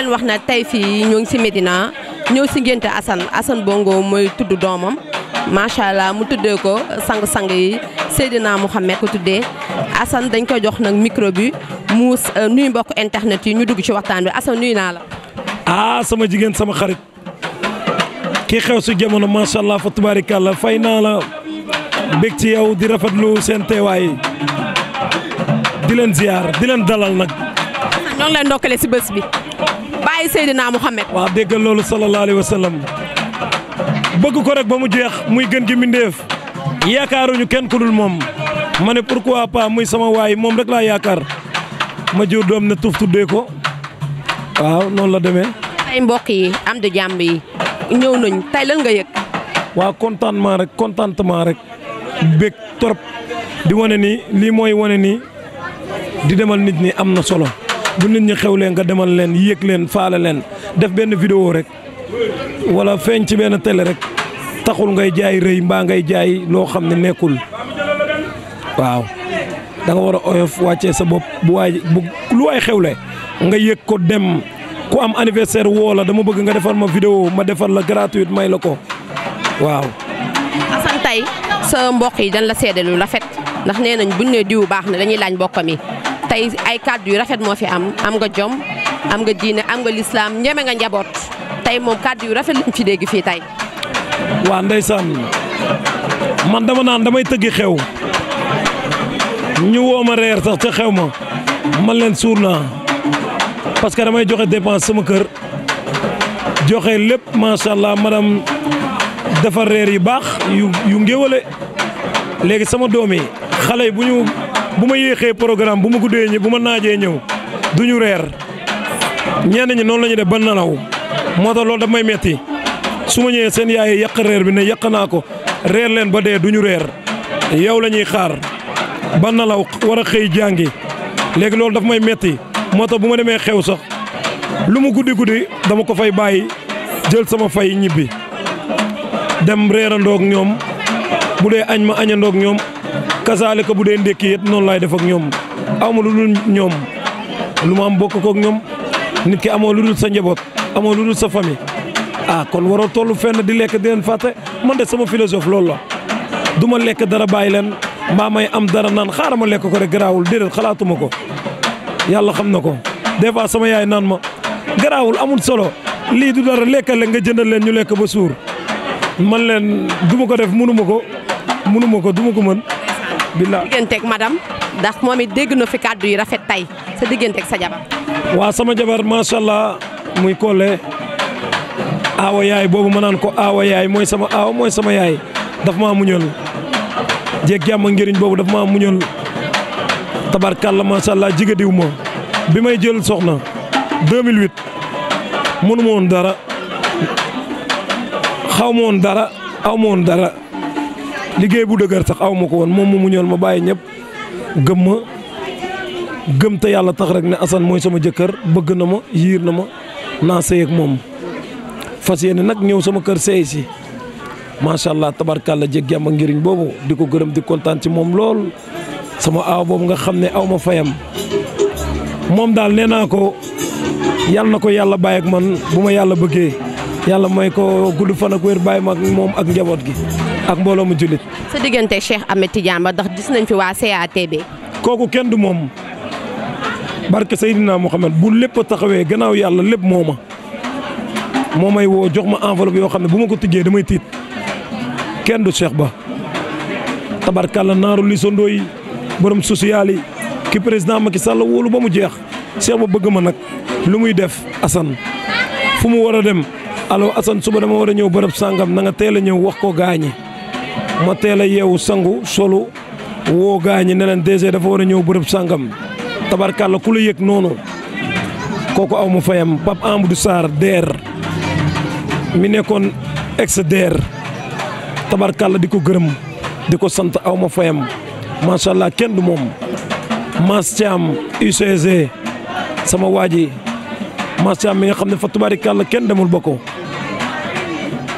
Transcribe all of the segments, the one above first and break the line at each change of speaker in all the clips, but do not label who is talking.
leen wax na tey fii ñoo ngi si Medina ñëw ci ngénte Assane Assane Bongo mooy tudd doomam macha allah mu tuddee ko sang-sang yi Seydina Mouhamed ko tuddee Assane dañ koy jox nag micro bi mu euh, nuyu mbokk internet yi ñu dugg ci waxtaan bi Assane nuyu naa la.
ah sama jigéen sama xarit kii xew si jamono macha allah fa tubaarikàlla fay naa la bég ci yow di rafetlu seen teewaay di leen ziar di leen dalal nag.
ñoo ngi ndokkale si bés bi. ay Seydina Mouhamed. waaw déggal
loolu sallallahu alayhi wa sallam bëgg ko rek ba mu jeex muy gën gi mbindéef yaakaaruñu kenn ku dul moom ma ne pour pourquoi pas muy sama waay moom rek laa yaakaar ma jur doom ne tuuf tuddee ko waaw noonu la demee.
tey mbokk yi am du jàmb yi ñëw nañ tey lan nga yëg.
waaw contentement rek contentement rek bég trop di wane nii lii mooy wane nii di demal nit ñi am na solo. bu nit ñi xewlee nga demal leen yéeg leen faale leen def benn vidéo rek wala feeñ ci benn télé rek taxul ngay jaay rëy mbaa ngay jaay loo xam ne nekkul waaw danga war a oyof wàccee sa bopp bu waay bu lu waay xewle nga yëg ko dem ku am anniversaire woo la dama bëgg nga defar ma vidéo ma defar la gratuite may la ko waaw.
Assane tey sa mboq yi dañ la seede la rafet ndax nee nañ buñ ne diw baax na dañuy laaj mbokkam yi tey ay kàddu yu rafet moo fi am am nga jom am nga diine am nga lislaam njeme nga njaboot tey moom kàddu yu rafet lañ fi dégg fii tey.
waa ndeysaan man dama naan damay tëggi xew ñu woo ma reer sax ca xew ma man leen suur naa parce que damay joxe dépense sama kër joxe lépp macha allah madame dafa reer yu baax yu yu ngéwale léegi sama doom yi xale yi bu ñu bu ma yéexee programme bu ma guddee ñi bu ma naajee ñëw du ñu reer ñeen ñi noonu la de def ba nalaw moo tax loolu daf may metti su ma ñëwee seen yaay yàq reer bi ne yàq naa ko reer leen ba dee du ñu reer yow la ñuy xaar ba nalaw war a xëy jàngi léegi loolu daf may metti moo tax bu ma demee xew sax lu mu guddi guddi dama ko fay bàyyi jël sama fay ñibbi dem reerandoog ñoom bu dee añ ma añandoog ñoom. kasaalika bu dee ndékki it noonu laay def ak ñoom amu lu dul ñoom lu ma am bokk kook ñoom nit ki amoo lu dul sa njaboot amoo lu dul sa famille ah kon waroo toll fenn di lekk di leen fàtte man de sama philosophe lool la du ma lekk dara bàyyi leen mbaa may am dara naan xaaral ma lekk ko rek garaawul déedéet xalaatuma ko yàlla xam na ko des fois sama yaay naan ma garaawul amul solo lii du dara lekkal nga jëndal leen ñu lekk ba suur man leen duma ko def mënuma ko
mënuma ko duma ko mën bilaa digganteeg madame ndax moom it dégg na fi kàddu yi rafet tey sa digganteeg sa jabar.
waaw sama jabar macha allah muy Kole aawa yaay boobu ma naan ko aawa yaay mooy sama aawa mooy sama yaay daf maa muñal jéeg jàmm njëriñ boobu daf maa muñal tabarkàlla macha allah jigadiw ma bi may jël soxna 2008 mënu woon dara xaw ma woon dara aw ma woon dara. liggéey bu dëgër sax aw ko woon moom mu muñool ma bàyyi ñëpp gëmma gëm te yàlla tax rek ne Assane mooy sama jëkkër bëgg na ma yiir na ma naa sëy ak moom fas yéene nag ñëw sama kër sëy si macha allah tabarkàlla jéggi am ak njëriñ boobu di ko gërëm di kontaan ci moom lool sama aaw boobu nga xam ne aw ma fayam moom daal nee naa ko yàlla na ko yàlla bàyyi ak man bu ma yàlla bëggee yàlla may ko gudd fan ak wér bàyyi ma moom ak njaboot gi. ak mbooloo mu jullit.
sa diggante Cheikh Ahmed Tidiane Ba ndax gis nañ fi waa CATB. kooku kenn du moom
barke Seydina Mohamed bu lépp taxawee gannaaw yàlla lépp mooma moo may woo jox ma enveloppe yoo xam ne bu ma ko tijjee damay tiit kenn du Cheikh Ba tabarkàlla naaru lisandoo yi borom social yi ki président Macky Sall wóolu ba mu jeex Cheikh Ba bëgg ma nag lu muy def Assane fu mu war a dem alors Assane suba dama war a ñëw bërëb sàngam na nga teel a ñëw wax ko gaañe ma teel a yeewu sangu solu woo gaañi ne leen DG dafa war a ñëw bërëb sangam tabarkàlla ku la yëg noonu kooku aw ma fayam Pape Amadou Sarr DER mi nekkoon ex DER tabarkàlla di ko gërëm di ko sant aw ma fayam macha allah kenn du moom Mass Thiam UCG sama waa ji Mass mi nga xam ne fa kàlla kenn demul ba ko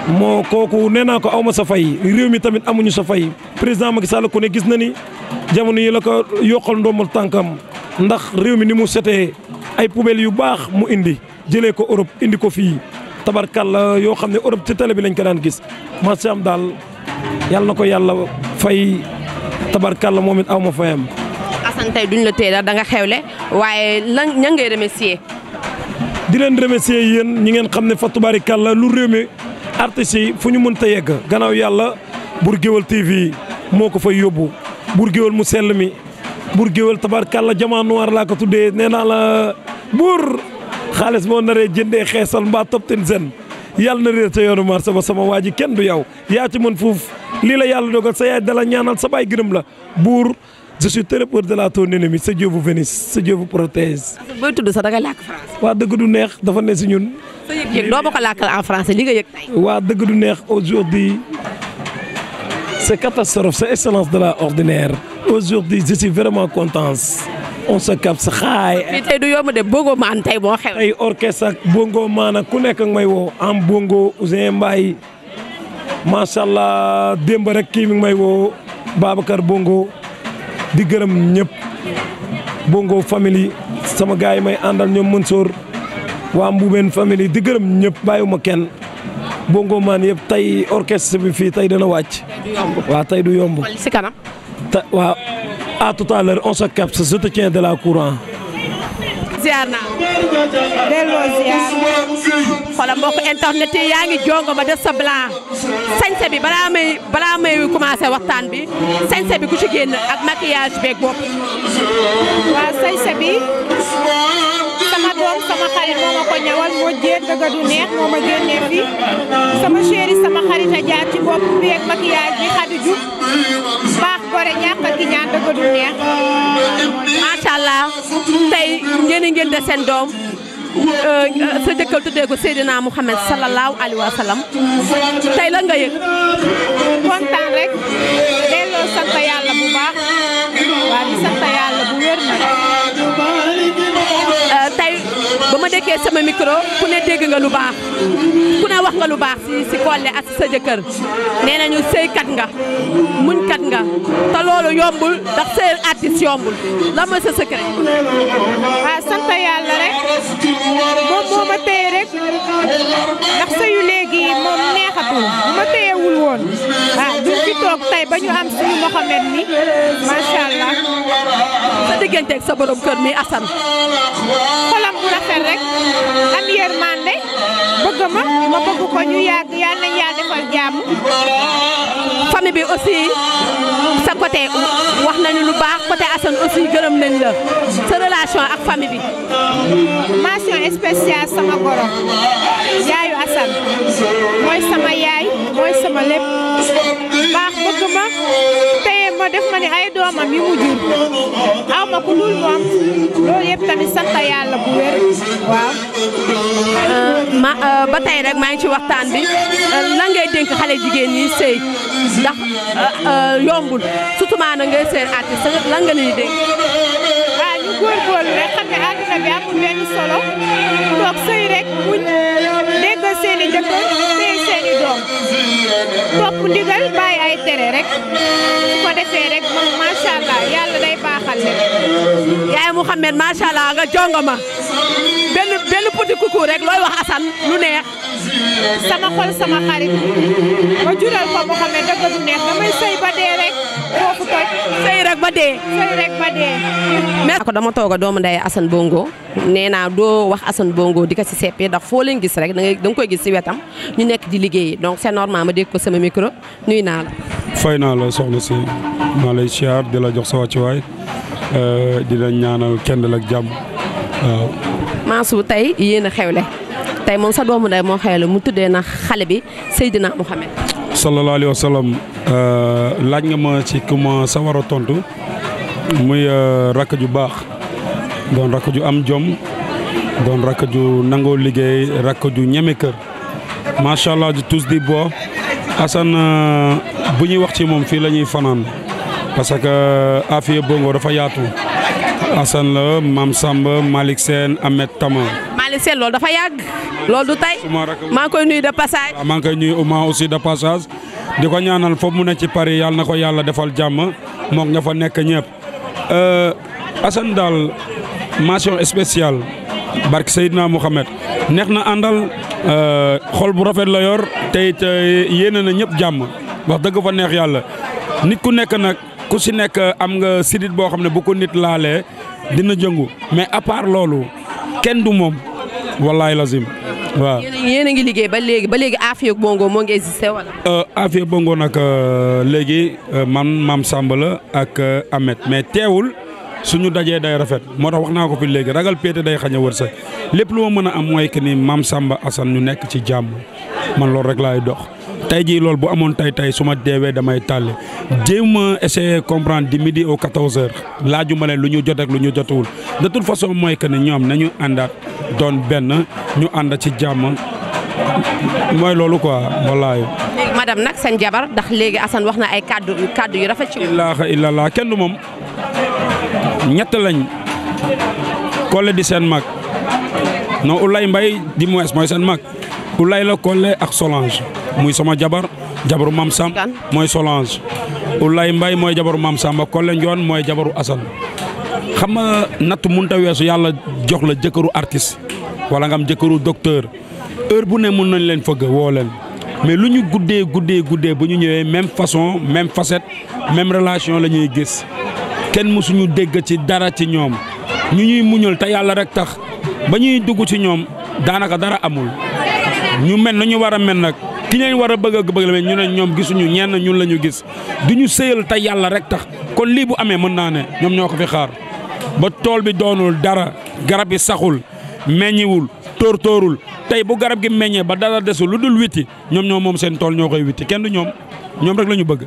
moo kooku nee naa ko aw ma sa fay réew mi tamit amuñu sa fay président Macky Sall ko ne gis na ni jamono yi la ko yokkal ndombal tànkam ndax réew mi ni mu setee ay poubelles yu baax mu indi jëlee ko Europe indi ko fii tabarkalla yoo xam ne Europe ci télé bi lañ ko daan gis macha am daal yàlla na ko yàlla fay tabarkalla moom it aw ma fayam.
Assane tey duñ la téye da nga xewle waaye lan ña ngay remercier.
di leen remercier yéen ñi ngeen xam ne fa tubaarikalla lu réew artistes yi fu ñu mënta yegg gannaaw yàlla Bour Gueweul TV moo ko fay yóbbu Bour Gueweul mu sell mi Bour Gueweul tabarkàlla jamaa noir laa ko tuddee nee naa la buur xaalis moo naree jëndee xeesal mbaa topten zen yàlla na réer sa yoonu mar sama sama waa ji kenn du yow yaa ci mën fuuf lii la yàlla dogal sa yaay dala ñaanal sa baay gërëm la buur je suis très peur de la ton sa Dieu vous sa Dieu vous waa dëgg du neex dafa ne si ñun. yëg doo ma en français li nga yëg waa dëgg du neex aujourd'hui c'est catastrophe c'est excellence de la ordinaire aujourd'hui je suis vraiment content on se capte sa
xaay.
ay orchestre bongo maana ku nekk ak may woo am bongo Ousseyn Mbaye macha allah démb rek kii mi ngi may woo Babacar bongo di gërëm ñëpp bongo famille sama gars yi may àndal ñoom Mansour. waa Mboubeen famille di gërëm ñëpp bàyyiwuma kenn bongo maan yëpp tey bi fii tey dana wàcc. waaw tey du yomb. si kanam. waaw à tout à l'heure on se capte je te tiens de la courant.
ziar naa delloo ziar xoolal mbokk yaa ngi jongo ma def sa bi balaa may balaa may commencé waxtaan bi sañse bi ku ci génn ak maquillage beeg bopp waaw sañse bi
doom sama xarit moo ma ko ñawal moo jéem dëgg du neex moo ma génnee fi sama chéri sama xarit a jaar ci bopp bi ak maquillage bi Khady Diouf baax gore ñàkk ak ñaan dëgg du neex. macha
tey ngeen ngeen de seen doom. Euh, sa jëkkal tuddee ko Seydina Mouhamed sallallahu
alayhi wa tey la nga yëg kontaan rek
déggee sama micro ku ne dégg nga lu baax ku ne wax nga lu baax si si Collé ak sa jëkkër nee nañu sëykat nga muñkat nga te loolu yombul ndax sëy artiste yombul lan mooy sa secret. waaw ah, sant yàlla rek
moom moo ma rek ndax sëyu léegi moom neexatul bu ma téyewul woon waaw ah, duñ fi toog tey ba ñu am
suñu Mohamed ni macha allah. sa digganteeg sa borom kër mi Assane.
rafet rek am yërmande bëgg ma ma bëgg ko ñu yàgg yàlla nañ yàlla defal jàmm famille bi aussi
sa côté wax nañu lu baax côté Assane aussi gërëm nañ la sa relation
ak famille bi. mention spéciale sama goro yaayu Assane mooy sama yaay mooy sama lépp baax bëgg ma téye ma def ma ni ay doomam yi mu jur aw ma ku dul moom loolu yëpp tamit sant yàlla bu wér waaw. Euh, euh, ba tey rek
maa ngi ci waxtaan bi euh, lan ngay dénk xale jigéen ñi sëy ndax yombul surtout maanaam ngay seen artiste lan nga leen di dégg.
ah ñu góorgóorlu rek xam solo toog sëy rek muñ déggal seen jëkkër sëy seen i doom topp ndigal bàyyi ay tere rek su ko defee rek macha allah day baaxal rek.
Mouhamed macha allah nga jongo ma benn benn petit coucou rek looy wax Assane lu neex.
sama xol sama xarit ma jural ko Mouhamed dëgg du neex damay sëy ba dee rek foofu toj. sëy rek ba dee. sëy rek
ko dama toog a doomu ndey Assane Bongo nee naa doo wax Assane Bongo di ko si seppee ndax foo leen gis rek da da koy gis si wetam ñu nekk di liggéeyi donc c'est normal ma dégg ko sama micro nuyu naa la.
fay naa la soxna si maa di la jox sa wàccuwaay. Euh, di la ñaanal kenn la ak jàmm waaw.
Mansour tey yéen a xewle tey moom sa doomu ndey moo xewle mu tuddee na xale bi Seydina Mouhamed.
sallallahu alayhi wa sallam euh, laaj nga ma ci ku ma a tontu muy euh, rakk ju baax doon rakk ju am jom doon rakk ju nangoo liggéey rakk ju ñeme kër macha allah tous di bo Assane bu ñuy wax ci moom fii la ñuy fanaan. parce que Afia Bongo dafa yaatu Assane la maam Samba Malick Sène Ahmed Tama.
Malick Sène loolu dafa yàgg. lool du tey maa ngi koy nuyu de passage.
maa ngi koy nuyu Ouma aussi de passage di ko ñaanal foofu mu ne ci Paris yàlla na ko yàlla defal jàmm mook ña fa nekk ñëpp. Euh, Assane daal mention spéciale barke Seydina Mohamed neex na àndal euh, xol bu rafet la yor te it euh, yéene ñëpp jàmm wax dëgg fa neex yàlla nit nekk nag. ku si nekk am nga sidit boo xam ne bu ko nit laalee dina jëngu mais à part loolu kenn du moom wallaay lazim waaw
yéen a ngi liggéey ba léegi ba léegi Afia Bongo moo ngi existé wala.
Euh, Afia Bongo nag euh, léegi euh, man maam Samba la ak Ahmed mais teewul suñu dajee day rafet moo tax wax naa ko fi léegi ragal péete day xañ a wërsëg lépp lu ma mën a am mooy que nii maam sàmba Assane ñu nekk ci jàmm man loolu rek laay dox. tey jii loolu bu amoon tey tey su ma deewee damay tàlle jéem a essayer comprendre di midi au quatorze heures laajuma lu ñu jot lu ñu jotewul de toute façon mooy que ne ñoom nañu àndaat doon benn ñu ànd ci jàmm mooy loolu ko wallaahi.
léegi madame nag seen jabar ndax léegi Assane wax na ay kàddu kàddu yu rafet ci.
illaaha illallah kenn du moom ñett lañ Collé di seen mag non Ulay Mbay di moins mooy seen mag Ulay la Collé ak Solange. muy sama jabar jabaru Mam Sam mooy Solange Ulay Mbay mooy jabaru Mam Samba Kolle Ndione mooy jabaru Assane xam nga natt munta weesu yàlla jox la jëkkëru artiste wala nga am jëkkëru docteur heure bu ne mun nañ leen fëgg woo leen mais lu ñu guddee guddee guddee bu ñu ñëwee même façon même facette même relation la ñuy gis kenn mësuñu dégg ci dara ci ñoom ñu ñuy muñal te yàlla rek tax ba ñuy dugg ci ñoom daanaka dara amul ñu mel na war a mel nag ki ñu war a bëgg a bëgg ñu ne ñoom gisuñu ñenn ñun la ñu gis du ñu sëyal tey yàlla rek tax kon lii bu amee mën naa ne ñoom ñoo ko fi xaar ba tool bi doonul dara garab yi saxul meññiwul tóorul tey bu garab gi meññee ba dara desul lu dul witti ñoom ñoo moom seen tool ñoo koy witti kenn du ñoom ñoom rek la ñu bëgg.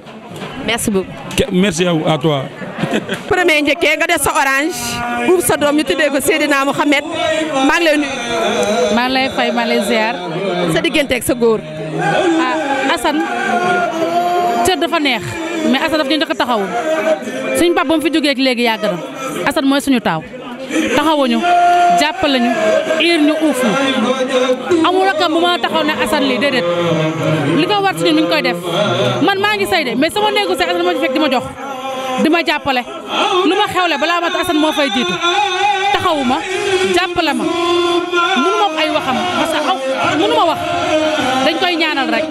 merci beaucoup. merci à toi.
premier njëkkee nga def sa orange buub sa doom ñu tuddee ko
Seydina Mouhamed maa ngi lay nuyu. maa ngi lay fay ma lay ziar. sa sa góor. ah Assane cër dafa neex mais Assane daf ñu njëkk a taxawu suñ papa fi jógee léegi yàgg na Assane mooy suñu taaw taxawuñu jàppale ñu iir ñu uuf ñu amul rakam bu ma taxaw ne Assane lii déedéet li ko war suñu mi ngi koy def man maa ngi say de mais sama néegu say Assane ma ci fekk di ma jox di ma jàppale lu ma xewle balaa ma Assane moo fay jiitu. taxawu ma jàppale ma mënu ma ay waxam parce que aw wax dañ koy ñaanal rek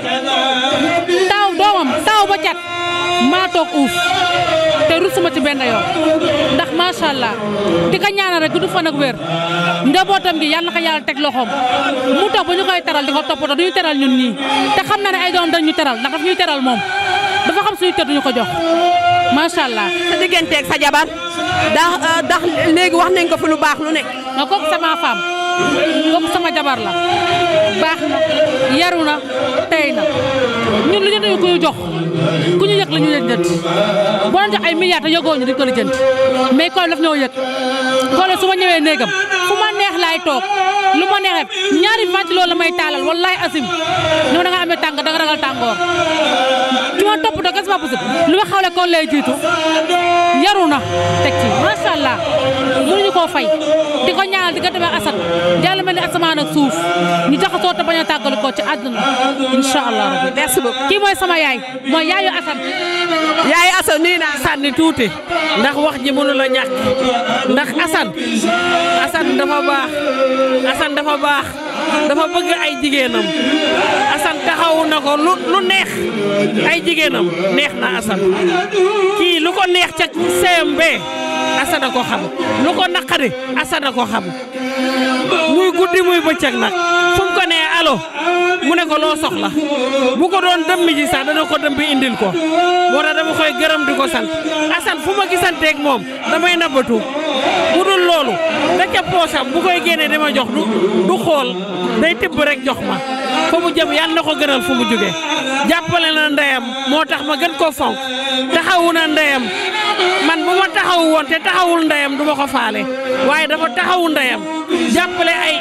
taaw doomam taaw ba cat maa toog uuf te rusuma ci benn yoon ndax macha di ko ñaanal rek du fan ak wér njabootam gi yàlla ko yàlla teg loxoom mu toog ba ñu koy teral di ko toppatoo du teral ñun ñii te xam na ne ay doom dañ ñu teral ndax daf ñuy teral moom dafa xam suñu tëdd ñu ko jox. macha allah. sa digganteeg sa jabar ndax euh, ndax léegi wax nañ ko fi lu baax lu ne. nga kooku sama femme kooku sama jabar la baax na yaru na tey na ñun li ñu doon koy jox ku ñu yëg la ñu lijjanti jox ay milliards te yëgoo di ko lijjanti mais koy daf ñoo yëg koole su ma ñëwee néegam. laay toog lu ma neexee ñaari ventilo la may taalal wallaay asim ni ma da nga amee tàng da nga ragal tàngoor ci ma topp doo c'est pas possible lu ma xawle kon lay jiitu yaru na teg ci macha allah mënuñu koo fay di ko ñaanal di ko ak asat yàlla mel ni asamaan ak suuf ko ci àdduna incha allah rabbi merci sama yaay mooy yaayu asat yaayu sànni tuuti ndax wax ji mënu la ñàkk ndax asat
asat dafa baax asat dafa baax dafa bëgg ay jigéenam asan taxawu na ko lu neex ay jigéenam neex na asan kii lu ko neex ca CMB asana ko xam lu ko naqari asana ko xam muy guddi muy bëccëg nag fu mu ko nee alo mu ne ko loo soxla bu ko doon dëmmi ji sax dana ko dëmbi indil ko moo tax dama koy gërëm di ko sant asan fu ma gisanteeg moom damay nabatu bu dul loolu da ca poosam bu koy di ma jox du du xool day tibb rek jox ma fa mu jëm yàlla na ko gënal fu mu jóge jàppale na ndeyam moo tax ma gën koo fonk taxawu na ndeyam man bu ma taxawu woon te taxawul ndeyam du ko faale waaye dafa taxawu ndeyam jàppale ay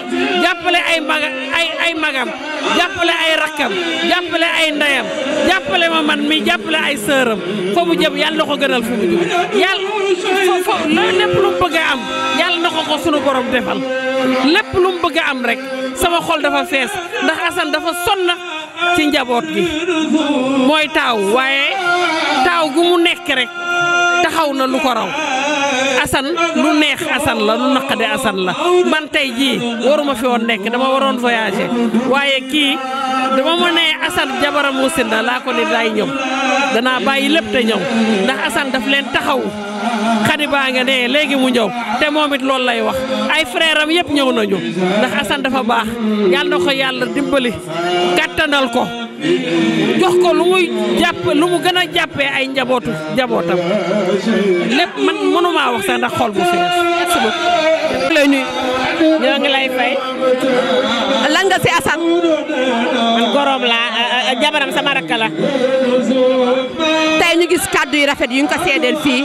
jàppale ay maga ay ay magam jàppale ay rakkam jàppale ay ndeyam jàppale ma man mi jàppale ay sëram fa mu jëm yàlla ko gënal fu mu jëm yàlla fo lépp lu mu bëgg a am yàlla na ko ko sunu borom defal lépp lu mu bëgg a am rek sama xol dafa fees ndax Assane dafa sonn ci njaboot gi mooy taaw waaye taaw gu mu nekk rek. taxaw na lu ko raw Assane lu neex Assane la lu naqade Assane la man tey jii waruma fi woon nekk dama waroon voyager waaye kii dama ma nee Assane jabaram wasin na laa ko ni daay ñëw danaa bàyyi lépp te ñëw ndax Assane daf leen taxaw xadi baa nga ne léegi mu ñëw te moom it loolu lay wax ay frère am yëpp ñëw nañu ndax Assane dafa baax yàlla na ko yàlla dimbali kàttanal ko jox ko lu muy jàpp lu mu gën a jàppee ay njabootu njabootam lépp man mënumaa wax sax ndax xol bu fees merci beaucoup lay
ñoo ngi lay fay lan nga si Assane man
gorom laa jabaram sama rakk la
tey ñu gis kàddu yu rafet yu ñu ko seedeel fii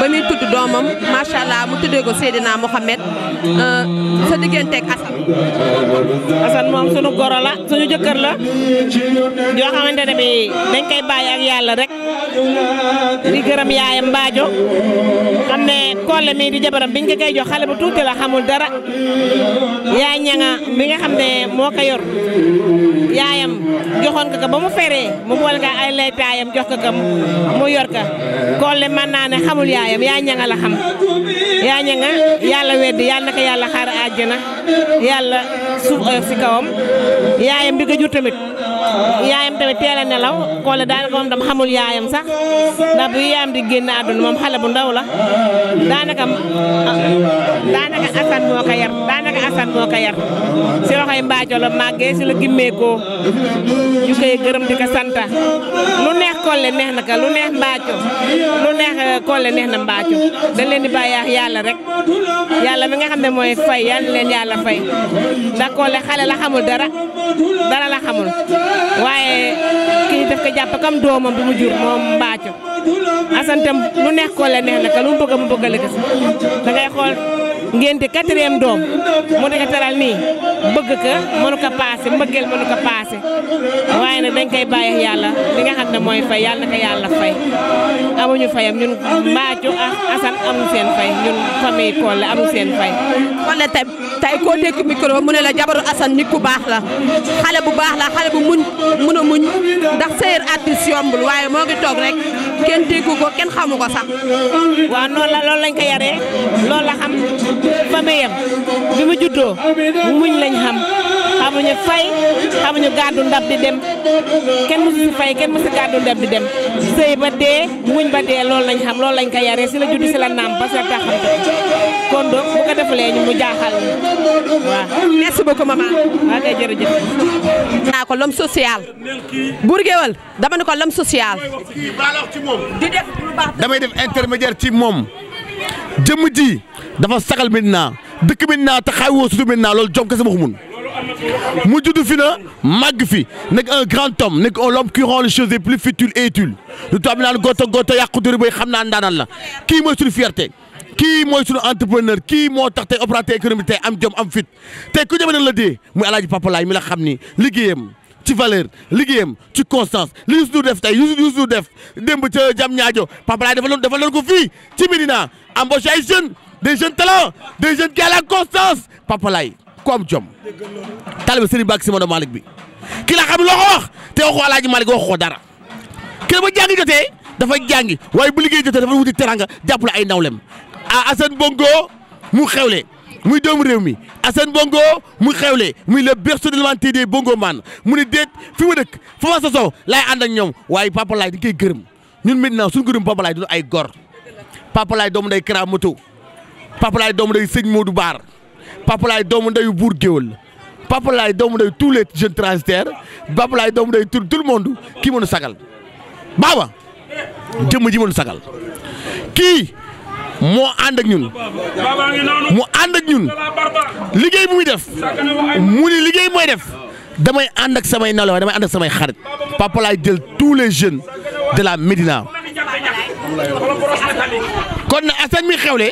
ba muy tudd doomam macha allah mu tuddee ko Seydina Mohamed
euh, sa digganteeg Assane. Assane moom sunu goro la
sunu jëkkër la
yoo xamante ne bi dañ koy bàyyi yàlla rek. di gërëm yaayam mbaajo xam ne kolle mii di jabaram biñ ko koy jox xale bu tuuti la xamul dara yaay ñanga bi nga xam ne moo ko yor yaayam joxoon ko ko ba mu feree mu boole ko ay laytaayam jox ko ka mu yor ko kolle mën naa ne xamul yaayam yaay ñanga la xam yaay ñanga yàlla weddi yàlla na ko yàlla xaar àjjana yàlla suuf euh, si kawam yaayam bi ko jur tamit yaayam tamit teel a nelaw Kole daanaka moom tam xamul yaayam sax ndax bu yaayam di génn àdduna moom xale bu ndaw la daanaka ah, daanaka Assane moo ko si loxoy mbaajo la màggee si la gimmeekoo ñu koy gërëm di ko santa lu neex Kole neex na ko lu neex mbaajo lu neex eh, Kole neex na mbaajo dañ leen di bàyyi yàlla rek yàlla mi nga xam ne mooy fay yal leen yàlla fay ndax Kole xale la xamul dara dara la xamul. waaye kii daf ko jàpp kam doomam bi mu jur moom mbaaco asantam lu neex ko la neex la ka mu bëgg mu bëgg la gis da ngénte quatrième doom mu di ko teral nii bëgg ka mënu ko paase mbëggeel mënu ko paase waaye nag dañ koy bàyyi yàlla li nga xam ne mooy fay yàlla na ko yàlla fay amuñu fayam ñun Mbathio ak Assane amuñu seen fay ñun famille Collé amuñu seen fay.
Collé tey tey koo dégg micro mu ne la jabaru Assane nit ku baax la xale bu baax la xale bu muñ mu a muñ ndax sëyër artiste yombul waaye moo ngi toog rek. kenn déggu ko kenn
xamu ko sax. waaw noonu la loolu lañ ko yaree loolu la xam famille am bi mu juddoo muñ lañ xam. xamuñu fay xamuñu gàddu ndab di dem kenn mësu si fay kenn mësu gàddu ndab di dem sëy ba dee muñ ba dee loolu lañ xam loolu lañ ko yaree si la juddu si la naam ba si la taxamte kon donc bu ko defalee ñu mu jaaxal waaw merci beaucoup maman waa
kay
jërëjëf ko lom social Bour Gueweul dama ne ko lom social di def lu baax damay def intermédiaire ci moom jëmm ji dafa sagal Médina dëkk Médina te xaywoo sutu Médina loolu jom kese ma ko mu judd fi na màgg fi nekk un grand homme nekk un homme qui rend les choses les plus futiles et utiles lu tax naan goto goto yàquturi bay xam naa ndaanaan la kii mooy suñu fierté kii mooy sunu entrepreneur kii moo tax tey opérateur économique tey am jom am fit tey ku jamono la dee muy alaaji Papa mi la xam ni liggéeyam ci valeur liggéeyam ci constance li Youssou def tey Youssou Ndour def demb ca jam ñaajo Papa Laay dafa loon dafa loon ko fii ci Médina embauché ay jeunes des jeunes talents des jeunes qui a la constance ku am jom taalibe Serigne Mbacké Sy Maodo Malick bi ki la xam loo ko wax te waxu Alaaji Malick waxu ko dara kër ba jàngi dafa jàngi waaye bu liggéey jotee dafa wuti teranga jàppale ay nawlem a Assane Bongo mu xewle muy doomu réew mi Assane Bongo mu xewle muy le berceau de l'humanité des Bongo man mu ne déet fi ma dëkk fa ma sosoo laay ànd ak ñoom waaye Papa Laay dañ koy gërëm ñun maintenant suñu gërëm Papa Laay du ay gor Papa Laay doomu day Kara Moto Papa Laay doomu Baar papalaay doomu ndeyu buur géwël papalaay doomu ndeyu tous les jeunes transitaires papalaay doomu ndeyu tout tout le monde kii mënu sagal baaba jëmm ji mënu sagal kii moo ànd ñun mu ànd ñun
liggéey bu muy def mu
liggéey mooy def damay ànd ak samay naloo damay ànd samay xarit papalaay jël tous les jeunes de la Médina kon na Assane mi xewle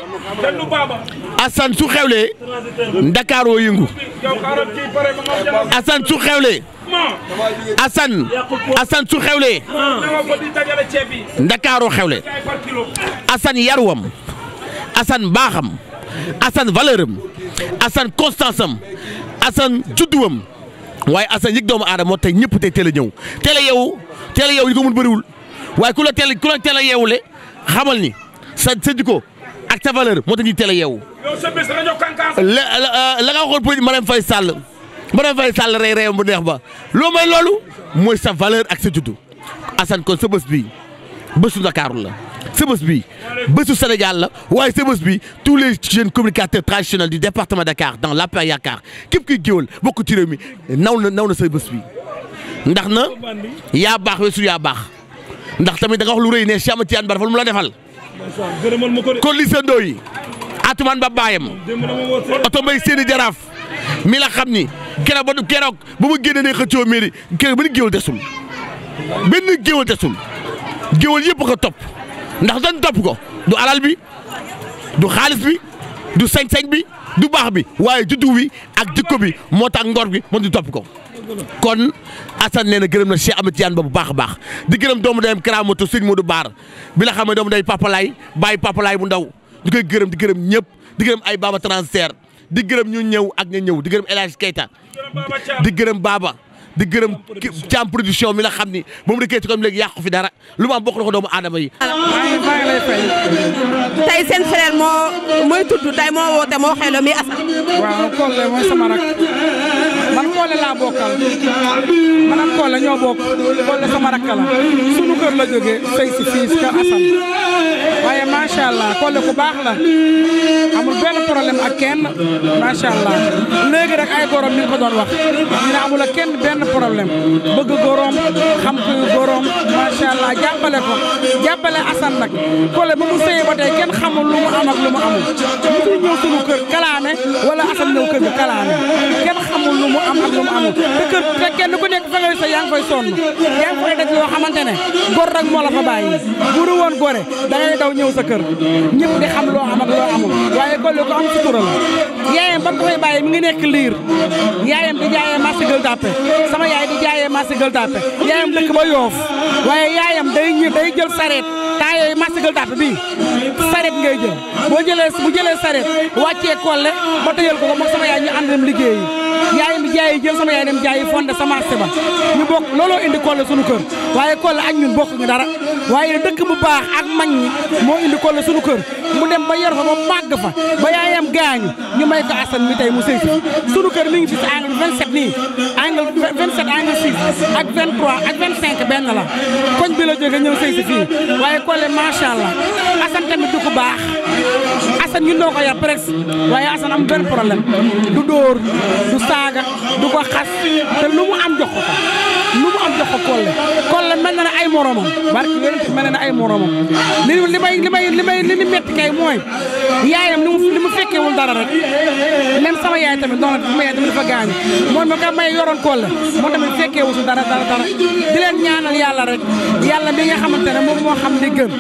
Assane su xewlee Ndakaaroo yëngu
Assane su xewlee
Assane Assane su xewlee Ndakaaroo xewle Assane yarwam Assane baaxam Assane valeur am Assane constance am waaye Assane yëg doomu aadama moo tey ñëpp tey teel a ñëw teel a yeewu teel mun bëriwul waaye ku la teel ku la teel a ni. sa sa jikko ak sa valeur moo tax ñuy teel a yeewu. la euh, la nga waxoon pour Marème Faye Sall Marème Faye Sall rey reyam bu neex ba loo may loolu mooy sa valeur ak sa juddu Assane kon sa bés Ndakaaru la. sa bi bésu senegal la waaye sa bi tous les jeunes communicateurs traditionnels du département Dakar dans l'APR Yaakaar képp kuy géwal bokk ci réew mi naw na naw na sa bés bi ndax na yaa baax su yaa baax ndax tami da nga wax lu rëy ne Cheikh Amadou Tidiane Ba dafa lu mu la defal kon lycée Ndoye atumaan ba baayam oto mbay seeni jaraaf mi la xam ni keroog ba keroog ba mu génne ne xëccoo mairie keroog benn géwél desul benn géwél desul géwél yëpp ko topp ndax dañ topp ko du alal bi du xaalis bi du sañ-sañ bi du baax bi waaye juddu bi ak jikko bi moo tax ngor bi moo di topp ko. kon Assane nee na gërëm na Cheikh Ahmed Tidiane ba bu baax a baax di gërëm doomu ndeyam Karamoto Sëñ du Baar bi la xam ne doomu ndey papalaay bàyyi papalaay bu ndaw di koy gërëm di gërëm ñëpp di gërëm ay baaba transfert di gërëm ñu ñëw ak ñu ñëw di gërëm El Hadj di gërëm baaba. di gërëm caam production mi la xam ni ba mu dëkkee ci comme léegi yàqu fi dara lu ma am bokk na ko doomu aadama yi.
tey seen frère moo mooy tudd tey moo woote moo xeloo mi Assane. waaw Kole
man Kole laa bokkal man ak Kole ñoo bokk Kole sama rakk la sunu kër la jógee sëy si fii si kër Assane waaye macha allah Kole baax la amul benn problème a kenn macha allah léegi rek ay gorom mi ngi doon wax ñu ne amul ak kenn benn problème bëgg gorom xam ko gorom macha allah ko jàppale Assane nag Kole ba mu sëyee ba tey kenn xamul lu mu am lu mu amul musul ñëw sunu kër kalaane wala Assane ñëw kër gi kalaane kenn xamul lu mu am ak lu mu amul te kër te kenn ku nekk fa nga sa da ngi fay sonn yaa ngi fay daj loo xamante gor rek moo la fa bàyyi bu du gore da ngay daw ñëw sa kër ñëpp di xam loo am ak loo amul waaye Collé ko am sutura yaayam ba mu koy bàyyi mi ngi nekk liir yaayam di jaayee marché Gueule Tapée sama yaay di jaayee marché Gueule Tapée yaayam dëkk ba yoof waaye yaayam day ñë day jël sareet taa yooyu marché Gueule Tapée bii sareet ngay jël boo jëlee bu jëlee sareet wàccee Collé ba tëjal ko ko moom sama yaayam jaayi jël sama yaay dem jaayi fonde sa marché ba ñu bokk looloo indi Kolle sunu kër waaye Kolle ak ñun bokk ñu dara waaye dëkk bu baax ak mag ñi moo indi Colle sunu kër mu dem ba yor fa ba màgg fa ba yaayam gaañu ñu may ko Assane mi tey mu sëy fi sunu kër mi ngi fi si ak 23 ak benn la koñ bi la jóge ñëw sëy si fii waaye Colle macha allah tamit du ko baax Assane ñu noo ko yar presque waaye Assane am benn problème du dóor du saaga du ko xas te lu mu am jox ko ko lu mu na ne ay moromam ci mel ne ay moromam li li may li may li may li metti kay mooy yaayam li mu li mu fekkeewul dara rek même sama yaay tamit noonu sama yaay tamit dafa gaañu moom ma ka may yoroon kolle moo tamit fekkeewul si dara dara dara di leen ñaanal yàlla rek yàlla bi nga xamante ne moom moo xam li gën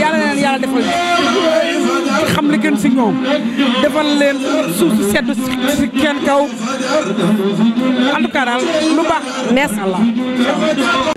yàlla na leen yàlla defal xam li gën si ñoom defal leen suuf si sedd si kenn kaw en tout lu baax nees
Allah